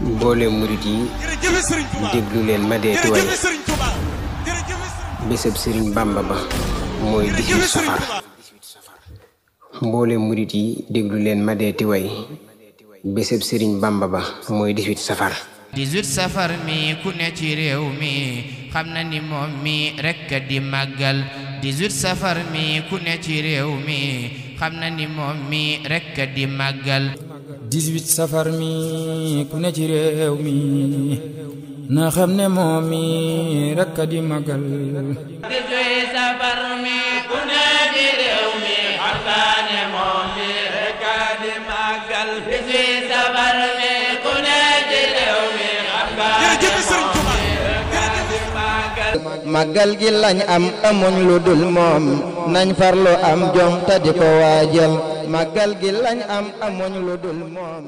mboolem murit yi déglu leen ma dee tuwaay bésab sëriñ bàmba ba mooy 18 safar mboolem murit yi déglu leen ma dee tuwaay bésab sëriñ bàmba ba mooy 18 safar 18 safar mi ku ne ci réew mi xam na ni moom mi rekk di màggal 18 safar mi ku ne ci réew mi xam na ni moom mi rekk di màggal dix-huit safar mi ku am amuñ lu dul moom nañ farlu am jom te di ko waajal màggal gi lañ am amuñ lu dul moom